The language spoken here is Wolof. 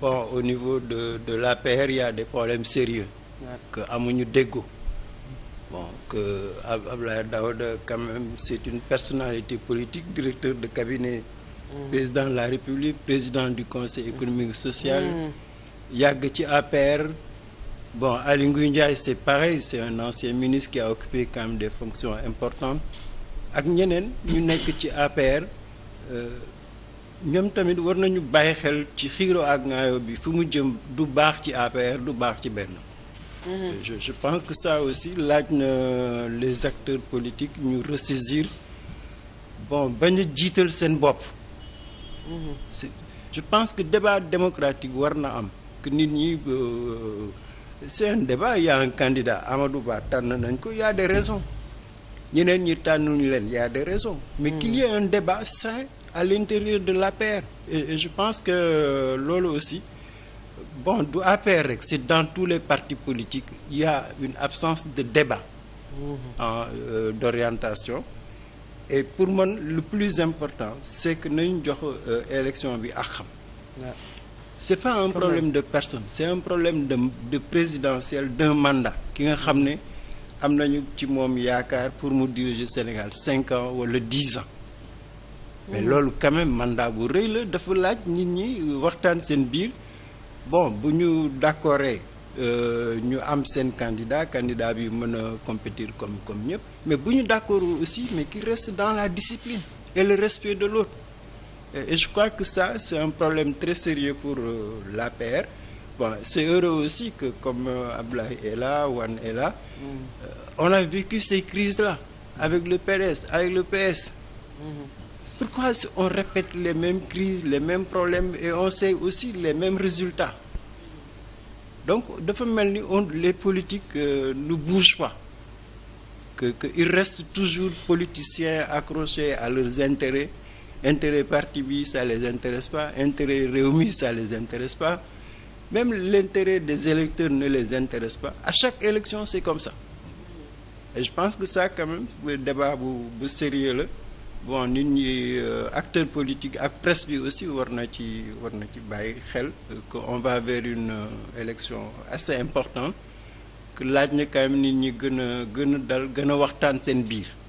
bon au niveau de de l'APR il y a des problèmes sérieux que amuñu déggoo bon que Abdoulaye Daouda quand même c'est une personnalité politique directeur de cabinet mmh. président de la République président du Conseil économique social mmh. yàgg ci APR bon Aly Ngouille Ndiaye c'est pareil c'est un ancien ministre qui a occupé quand des fonctions importantes ak ñeneen ñu nekk ci APR euh, ñoom tamit war nañu bàyyi xel ci xiiro ak ngaayo bi fu mu jëm du baax ci APR du baax ci benn mhm. je je pense que ça aussi laaj na les acteurs politiques ñu ressaisir bon bañ a jiital seen bopp mhm. je pense que débat démocratique war na am que nit ñi euh, c'est un débat il y a du candidat Amadou tànn nañ ko y a des raisons ñeneen ñi tànnuñu leen y a des raisons mais mhm. qu'il y débat sain à l'intérieur de l'APR et, je pense que euh, loolu aussi bon du APR rek c'est dans tous les partis politiques il y a une absence de débat mmh. en euh, d'orientation et pour man le plus important c'est que nañu jox euh, élection bi ak xam c'est pas un problème de personne c'est un problème de de présidentiel d'un mandat ki nga xam ne am nañu ci moom yaakaar pour mu diriger Sénégal cinq ans wala dix ans mais mhm. loolu quand même mandat bu rëy la dafa laaj nit ñi waxtaan seen biir bon bu ñu d'accordee euh, ñu am seen candidat candidat bi mën a compétir comme comme ñëpp mais bu ñu d'accord aussi mais qui reste dans la discipline et le respect de l'autre et je crois que ça c'est un problème très sérieux pour euh, la pr bon c'est heureux aussi que comme euh, Ablaye est là Wan est là mm. euh, on a vécu ces crises-là avec le PDS avec le PS mm. Pourquoi on répète les mêmes crises, les mêmes problèmes et on sait aussi les mêmes résultats donc dafa mel ni on les politiques euh, ne bougent pas que que ils restent toujours politiciens accrochés à leurs intérêts intérêt parti bi ça les intéresse pas intérêt réew ça les intéresse pas même l'intérêt des électeurs ne les intéresse pas à chaque élection c'est comme ça et je pense que ça quand même débat bu bu sérieux la bon nit ñi euh, acteur politique ak presse bi aussi war na ci war na ci bàyyi xel que on va vers une euh, élection assez importante laaj na quand nit ñi gën a gën a dal gën a waxtaan seen biir